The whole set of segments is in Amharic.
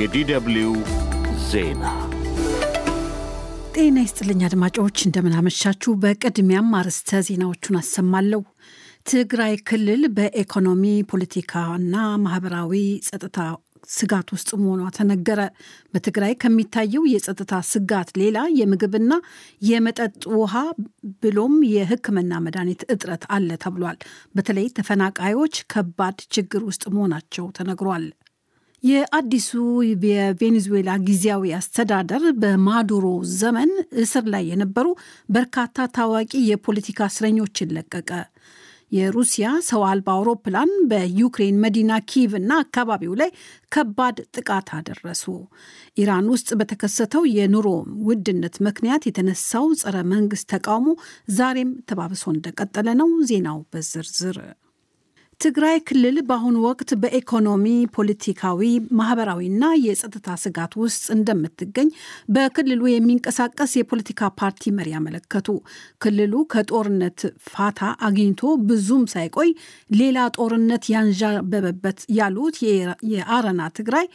የዲደብሊው ዜና ጤና ይስጥልኝ አድማጮች፣ እንደምናመሻችሁ። በቅድሚያም አርዕስተ ዜናዎቹን አሰማለሁ። ትግራይ ክልል በኢኮኖሚ ፖለቲካና ማህበራዊ ጸጥታ ስጋት ውስጥ መሆኗ ተነገረ። በትግራይ ከሚታየው የጸጥታ ስጋት ሌላ የምግብና የመጠጥ ውሃ ብሎም የሕክምና መድኃኒት እጥረት አለ ተብሏል። በተለይ ተፈናቃዮች ከባድ ችግር ውስጥ መሆናቸው ተነግሯል። የአዲሱ የቬኔዙዌላ ጊዜያዊ አስተዳደር በማዱሮ ዘመን እስር ላይ የነበሩ በርካታ ታዋቂ የፖለቲካ እስረኞችን ለቀቀ። የሩሲያ ሰው አልባ አውሮፕላን በዩክሬን መዲና ኪቭ እና አካባቢው ላይ ከባድ ጥቃት አደረሱ። ኢራን ውስጥ በተከሰተው የኑሮ ውድነት ምክንያት የተነሳው ጸረ መንግስት ተቃውሞ ዛሬም ተባብሶ እንደቀጠለ ነው። ዜናው በዝርዝር ትግራይ ክልል በአሁኑ ወቅት በኢኮኖሚ ፖለቲካዊ፣ ማህበራዊና የጸጥታ ስጋት ውስጥ እንደምትገኝ በክልሉ የሚንቀሳቀስ የፖለቲካ ፓርቲ መሪ አመለከቱ። ክልሉ ከጦርነት ፋታ አግኝቶ ብዙም ሳይቆይ ሌላ ጦርነት ያንዣበበበት ያሉት የአረና ትግራይ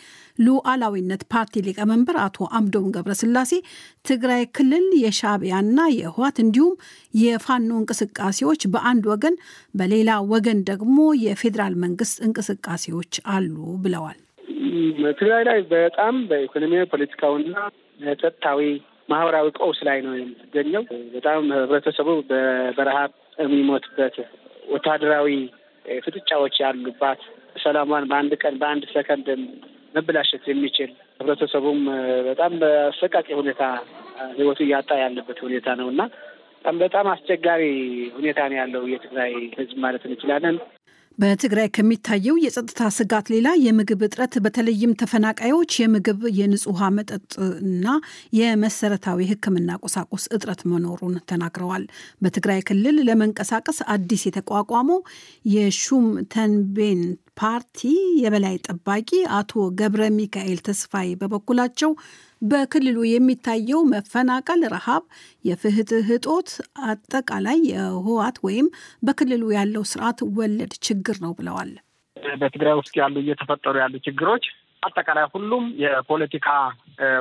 ሉዓላዊነት ፓርቲ ሊቀመንበር አቶ አምዶም ገብረስላሴ ትግራይ ክልል የሻቢያና የህዋት እንዲሁም የፋኖ እንቅስቃሴዎች በአንድ ወገን በሌላ ወገን ደግሞ የፌዴራል መንግስት እንቅስቃሴዎች አሉ ብለዋል። ትግራይ ላይ በጣም በኢኮኖሚያዊ፣ ፖለቲካውና ጸጥታዊ፣ ማህበራዊ ቀውስ ላይ ነው የምትገኘው። በጣም ህብረተሰቡ በረሃብ የሚሞትበት ወታደራዊ ፍጥጫዎች ያሉባት ሰላሟን በአንድ ቀን በአንድ ሰከንድ መበላሸት የሚችል ህብረተሰቡም በጣም በአሰቃቂ ሁኔታ ህይወቱ እያጣ ያለበት ሁኔታ ነው እና በጣም በጣም አስቸጋሪ ሁኔታ ነው ያለው የትግራይ ህዝብ ማለት እንችላለን። በትግራይ ከሚታየው የጸጥታ ስጋት ሌላ የምግብ እጥረት በተለይም ተፈናቃዮች የምግብ የንጹህ ውሃ፣ መጠጥ እና የመሰረታዊ ሕክምና ቁሳቁስ እጥረት መኖሩን ተናግረዋል። በትግራይ ክልል ለመንቀሳቀስ አዲስ የተቋቋመው የሹም ተንቤን ፓርቲ የበላይ ጠባቂ አቶ ገብረ ሚካኤል ተስፋዬ በበኩላቸው በክልሉ የሚታየው መፈናቀል፣ ረሃብ፣ የፍትህ እጦት አጠቃላይ የህወሓት ወይም በክልሉ ያለው ስርዓት ወለድ ችግር ነው ብለዋል። በትግራይ ውስጥ ያሉ እየተፈጠሩ ያሉ ችግሮች አጠቃላይ ሁሉም የፖለቲካ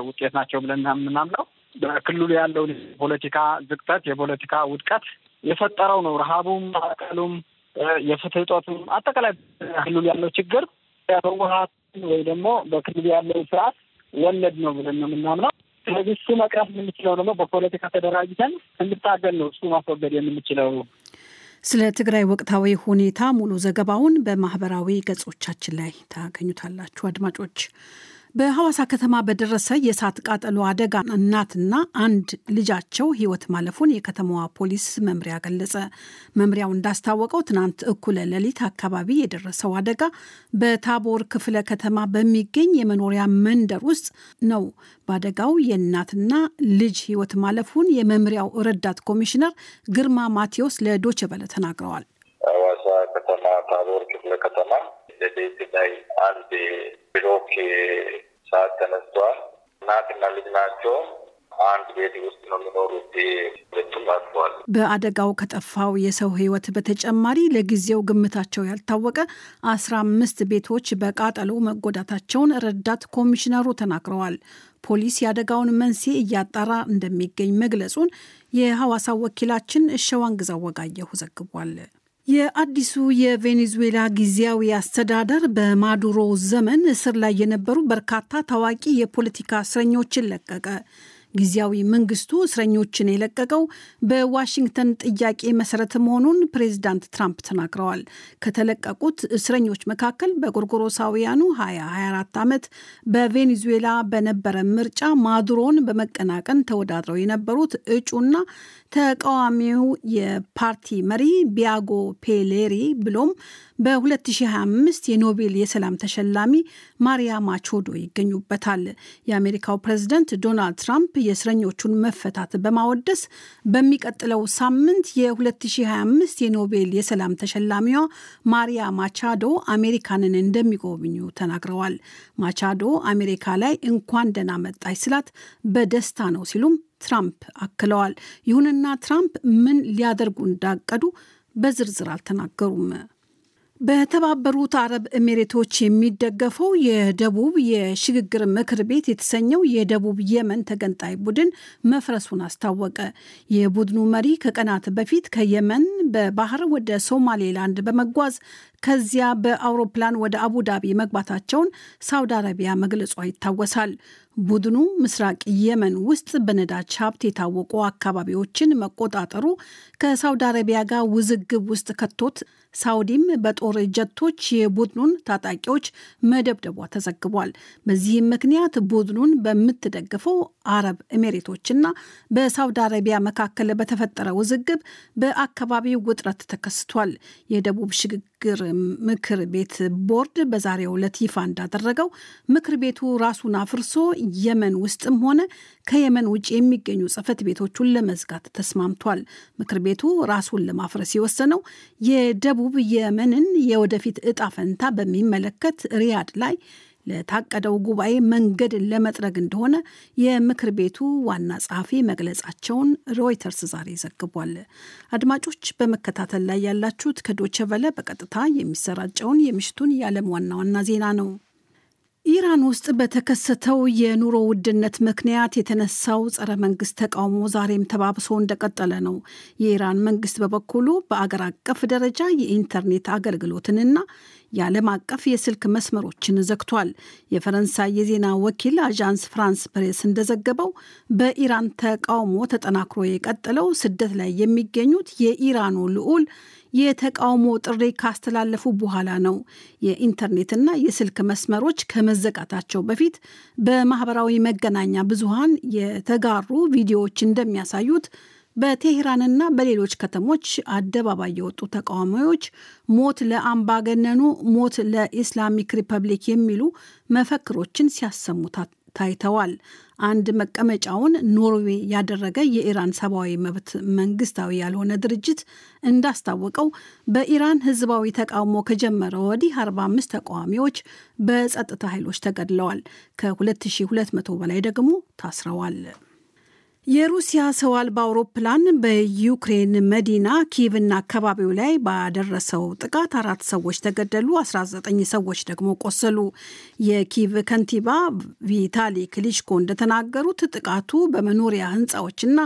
ውጤት ናቸው ብለን የምናምለው በክልሉ ያለውን የፖለቲካ ዝቅጠት፣ የፖለቲካ ውድቀት የፈጠረው ነው። ረሃቡም፣ ማዕቀሉም፣ የፍትህ እጦቱም አጠቃላይ ክልሉ ያለው ችግር በህወሓት ወይ ደግሞ በክልሉ ያለው ስርዓት ወለድ ነው ብለን ነው የምናምነው። ስለዚህ እሱ መቅረፍ የምንችለው ደግሞ በፖለቲካ ተደራጅተን እንድታገል ነው እሱ ማስወገድ የምንችለው። ስለ ትግራይ ወቅታዊ ሁኔታ ሙሉ ዘገባውን በማህበራዊ ገጾቻችን ላይ ታገኙታላችሁ አድማጮች። በሐዋሳ ከተማ በደረሰ የእሳት ቃጠሎ አደጋ እናትና አንድ ልጃቸው ሕይወት ማለፉን የከተማዋ ፖሊስ መምሪያ ገለጸ። መምሪያው እንዳስታወቀው ትናንት እኩለ ሌሊት አካባቢ የደረሰው አደጋ በታቦር ክፍለ ከተማ በሚገኝ የመኖሪያ መንደር ውስጥ ነው። በአደጋው የእናትና ልጅ ሕይወት ማለፉን የመምሪያው ረዳት ኮሚሽነር ግርማ ማቴዎስ ለዶቼ ቬለ ተናግረዋል። ሐዋሳ ከተማ ታቦር ክፍለ ከተማ ሌሊት ላይ አንድ ብሎክ ሰዓት ተነስተዋል። እናትና ልጅ ናቸው። አንድ ቤት ውስጥ ነው የሚኖሩት። ሁለቱም አጥተዋል። በአደጋው ከጠፋው የሰው ሕይወት በተጨማሪ ለጊዜው ግምታቸው ያልታወቀ አስራ አምስት ቤቶች በቃጠሎ መጎዳታቸውን ረዳት ኮሚሽነሩ ተናግረዋል። ፖሊስ የአደጋውን መንስኤ እያጣራ እንደሚገኝ መግለጹን የሐዋሳው ወኪላችን እሸዋን ግዛወጋየሁ ዘግቧል። የአዲሱ የቬኔዙዌላ ጊዜያዊ አስተዳደር በማዱሮ ዘመን እስር ላይ የነበሩ በርካታ ታዋቂ የፖለቲካ እስረኞችን ለቀቀ። ጊዜያዊ መንግስቱ እስረኞችን የለቀቀው በዋሽንግተን ጥያቄ መሰረት መሆኑን ፕሬዚዳንት ትራምፕ ተናግረዋል። ከተለቀቁት እስረኞች መካከል በጎርጎሮሳውያኑ 2024 ዓመት በቬኔዙዌላ በነበረ ምርጫ ማዱሮን በመቀናቀን ተወዳድረው የነበሩት እጩና ተቃዋሚው የፓርቲ መሪ ቢያጎ ፔሌሪ ብሎም በ2025 የኖቤል የሰላም ተሸላሚ ማሪያ ማቾዶ ይገኙበታል። የአሜሪካው ፕሬዝደንት ዶናልድ ትራምፕ የእስረኞቹን መፈታት በማወደስ በሚቀጥለው ሳምንት የ2025 የኖቤል የሰላም ተሸላሚዋ ማሪያ ማቻዶ አሜሪካንን እንደሚጎብኙ ተናግረዋል። ማቻዶ አሜሪካ ላይ እንኳን ደህና መጣች ስላት በደስታ ነው ሲሉም ትራምፕ አክለዋል። ይሁንና ትራምፕ ምን ሊያደርጉ እንዳቀዱ በዝርዝር አልተናገሩም። በተባበሩት አረብ ኤሚሬቶች የሚደገፈው የደቡብ የሽግግር ምክር ቤት የተሰኘው የደቡብ የመን ተገንጣይ ቡድን መፍረሱን አስታወቀ። የቡድኑ መሪ ከቀናት በፊት ከየመን በባህር ወደ ሶማሌላንድ በመጓዝ ከዚያ በአውሮፕላን ወደ አቡዳቢ መግባታቸውን ሳውዲ አረቢያ መግለጿ ይታወሳል። ቡድኑ ምስራቅ የመን ውስጥ በነዳጅ ሀብት የታወቁ አካባቢዎችን መቆጣጠሩ ከሳውዲ አረቢያ ጋር ውዝግብ ውስጥ ከቶት ሳውዲም በጦር ጀቶች የቡድኑን ታጣቂዎች መደብደቧ ተዘግቧል። በዚህም ምክንያት ቡድኑን በምትደግፈው አረብ ኤሜሬቶችና በሳውዲ አረቢያ መካከል በተፈጠረ ውዝግብ በአካባቢው ውጥረት ተከስቷል። የደቡብ ሽግግር ምክር ቤት ቦርድ በዛሬው ዕለት ይፋ እንዳደረገው ምክር ቤቱ ራሱን አፍርሶ የመን ውስጥም ሆነ ከየመን ውጭ የሚገኙ ጽህፈት ቤቶቹን ለመዝጋት ተስማምቷል። ምክር ቤቱ ራሱን ለማፍረስ የወሰነው የደቡብ የመንን የወደፊት እጣ ፈንታ በሚመለከት ሪያድ ላይ ለታቀደው ጉባኤ መንገድ ለመጥረግ እንደሆነ የምክር ቤቱ ዋና ጸሐፊ መግለጻቸውን ሮይተርስ ዛሬ ዘግቧል። አድማጮች በመከታተል ላይ ያላችሁት ከዶቸቨለ በቀጥታ የሚሰራጨውን የምሽቱን የዓለም ዋና ዋና ዜና ነው። ኢራን ውስጥ በተከሰተው የኑሮ ውድነት ምክንያት የተነሳው ጸረ መንግስት ተቃውሞ ዛሬም ተባብሶ እንደቀጠለ ነው። የኢራን መንግስት በበኩሉ በአገር አቀፍ ደረጃ የኢንተርኔት አገልግሎትንና የዓለም አቀፍ የስልክ መስመሮችን ዘግቷል። የፈረንሳይ የዜና ወኪል አዣንስ ፍራንስ ፕሬስ እንደዘገበው በኢራን ተቃውሞ ተጠናክሮ የቀጠለው ስደት ላይ የሚገኙት የኢራኑ ልዑል የተቃውሞ ጥሪ ካስተላለፉ በኋላ ነው። የኢንተርኔትና የስልክ መስመሮች ከመዘጋታቸው በፊት በማህበራዊ መገናኛ ብዙሃን የተጋሩ ቪዲዮዎች እንደሚያሳዩት በቴሄራንና በሌሎች ከተሞች አደባባይ የወጡ ተቃዋሚዎች ሞት ለአምባገነኑ፣ ሞት ለኢስላሚክ ሪፐብሊክ የሚሉ መፈክሮችን ሲያሰሙ ታይተዋል። አንድ መቀመጫውን ኖርዌይ ያደረገ የኢራን ሰብአዊ መብት መንግስታዊ ያልሆነ ድርጅት እንዳስታወቀው በኢራን ህዝባዊ ተቃውሞ ከጀመረ ወዲህ 45 ተቃዋሚዎች በጸጥታ ኃይሎች ተገድለዋል፣ ከ2200 በላይ ደግሞ ታስረዋል። የሩሲያ ሰው አልባ አውሮፕላን በዩክሬን መዲና ኪቭና አካባቢው ላይ ባደረሰው ጥቃት አራት ሰዎች ተገደሉ፣ 19 ሰዎች ደግሞ ቆሰሉ። የኪቭ ከንቲባ ቪታሊ ክሊሽኮ እንደተናገሩት ጥቃቱ በመኖሪያ ሕንፃዎችና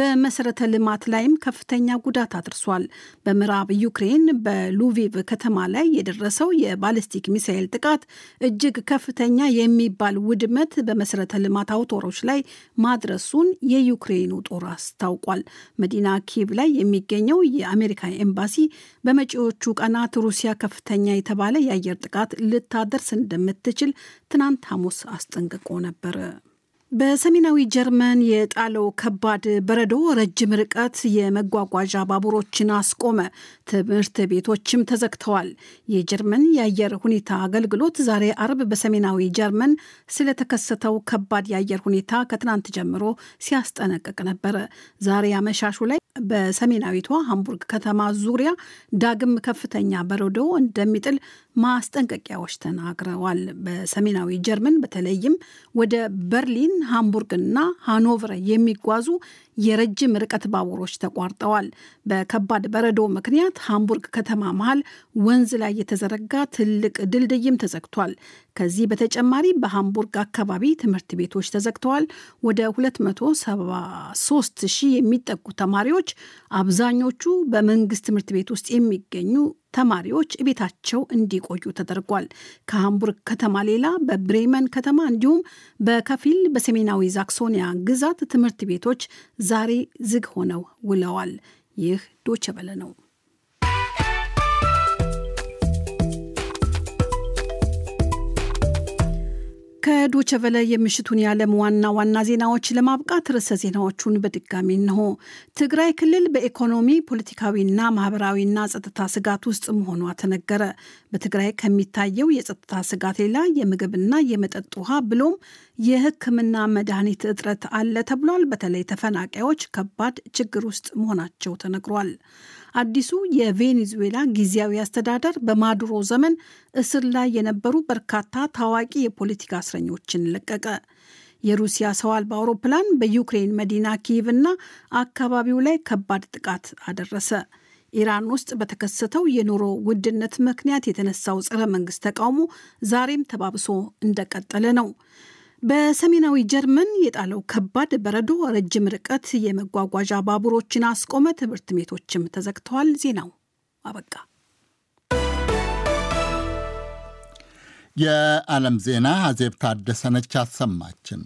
በመሰረተ ልማት ላይም ከፍተኛ ጉዳት አድርሷል። በምዕራብ ዩክሬን በሉቪቭ ከተማ ላይ የደረሰው የባሊስቲክ ሚሳኤል ጥቃት እጅግ ከፍተኛ የሚባል ውድመት በመሰረተ ልማት አውታሮች ላይ ማድረሱን የዩክሬኑ ጦር አስታውቋል። መዲና ኪቭ ላይ የሚገኘው የአሜሪካ ኤምባሲ በመጪዎቹ ቀናት ሩሲያ ከፍተኛ የተባለ የአየር ጥቃት ልታደርስ እንደምትችል ትናንት ሐሙስ አስጠንቅቆ ነበር። በሰሜናዊ ጀርመን የጣለው ከባድ በረዶ ረጅም ርቀት የመጓጓዣ ባቡሮችን አስቆመ። ትምህርት ቤቶችም ተዘግተዋል። የጀርመን የአየር ሁኔታ አገልግሎት ዛሬ አርብ በሰሜናዊ ጀርመን ስለተከሰተው ከባድ የአየር ሁኔታ ከትናንት ጀምሮ ሲያስጠነቅቅ ነበረ። ዛሬ አመሻሹ ላይ በሰሜናዊቷ ሃምቡርግ ከተማ ዙሪያ ዳግም ከፍተኛ በረዶ እንደሚጥል ማስጠንቀቂያዎች ተናግረዋል። በሰሜናዊ ጀርመን በተለይም ወደ በርሊን ሃምቡርግ ሃምቡርግና ሃኖቨር የሚጓዙ የረጅም ርቀት ባቡሮች ተቋርጠዋል። በከባድ በረዶ ምክንያት ሃምቡርግ ከተማ መሃል ወንዝ ላይ የተዘረጋ ትልቅ ድልድይም ተዘግቷል። ከዚህ በተጨማሪ በሃምቡርግ አካባቢ ትምህርት ቤቶች ተዘግተዋል። ወደ 273 ሺህ የሚጠጉ ተማሪዎች አብዛኞቹ በመንግስት ትምህርት ቤት ውስጥ የሚገኙ ተማሪዎች ቤታቸው እንዲቆዩ ተደርጓል። ከሃምቡርግ ከተማ ሌላ በብሬመን ከተማ እንዲሁም በከፊል በሰሜናዊ ዛክሶኒያ ግዛት ትምህርት ቤቶች ዛሬ ዝግ ሆነው ውለዋል። ይህ ዶቸበለ ነው። ከዶቸቨለ የምሽቱን የዓለም ዋና ዋና ዜናዎች ለማብቃት ርዕሰ ዜናዎቹን በድጋሚ እንሆ። ትግራይ ክልል በኢኮኖሚ ፖለቲካዊና ማህበራዊና ጸጥታ ስጋት ውስጥ መሆኗ ተነገረ። በትግራይ ከሚታየው የጸጥታ ስጋት ሌላ የምግብና የመጠጥ ውሃ ብሎም የሕክምና መድኃኒት እጥረት አለ ተብሏል። በተለይ ተፈናቃዮች ከባድ ችግር ውስጥ መሆናቸው ተነግሯል። አዲሱ የቬኔዙዌላ ጊዜያዊ አስተዳደር በማዱሮ ዘመን እስር ላይ የነበሩ በርካታ ታዋቂ የፖለቲካ እስረኞችን ለቀቀ። የሩሲያ ሰው አልባ አውሮፕላን በዩክሬን መዲና ኪይቭ እና አካባቢው ላይ ከባድ ጥቃት አደረሰ። ኢራን ውስጥ በተከሰተው የኑሮ ውድነት ምክንያት የተነሳው ጸረ መንግስት ተቃውሞ ዛሬም ተባብሶ እንደቀጠለ ነው። በሰሜናዊ ጀርመን የጣለው ከባድ በረዶ ረጅም ርቀት የመጓጓዣ ባቡሮችን አስቆመ። ትምህርት ቤቶችም ተዘግተዋል። ዜናው አበቃ። የዓለም ዜና አዜብ ታደሰነች አሰማችን።